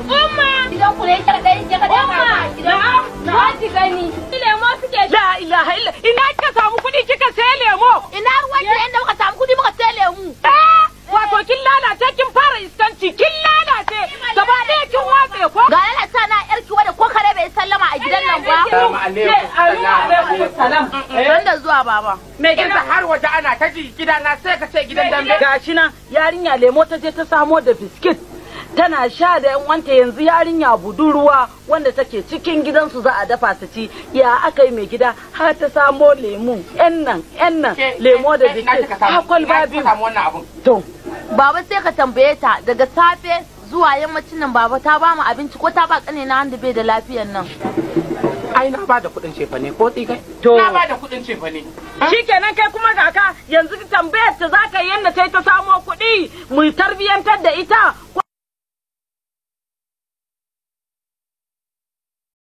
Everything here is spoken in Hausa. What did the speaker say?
umma gidan ku ne ta dai ya ka umma na'am na ji gani lemo suke la ilaha illa ina kika samu kuɗi kika sai lemo ina wace inda muka samu kuɗi muka sai lemo eh, eh wato kin lalace kin fara iskanci kin lalace gaba ɗaya kin watse ko ga lalata na yar ki wanda ko kare bai sallama a gidan nan ba assalamu alaikum salam dan eh. da zuwa baba me gida har waje ana ta ji gidana sai ka ce gidan dambe gashi na yarinya lemo ta je ta samo da biskit tana sha da yan wanta yanzu yarinya budurwa wanda take cikin gidansu za a dafa su ci ya aka yi mai gida har ta samo lemu yan nan yan nan lemo da biskit hakwal ba biyu to baba sai ka tambaye ta daga safe zuwa yammacin nan baba ta ba mu abinci ko ta ba kane na hannu bai da lafiyar nan ai na ba da kuɗin cefa ne ko tsikai to na ba da kuɗin cefa ne shikenan kai kuma kaka yanzu tambayar ta zaka yi yanda ta ta samo kuɗi mu tarbiyantar da ita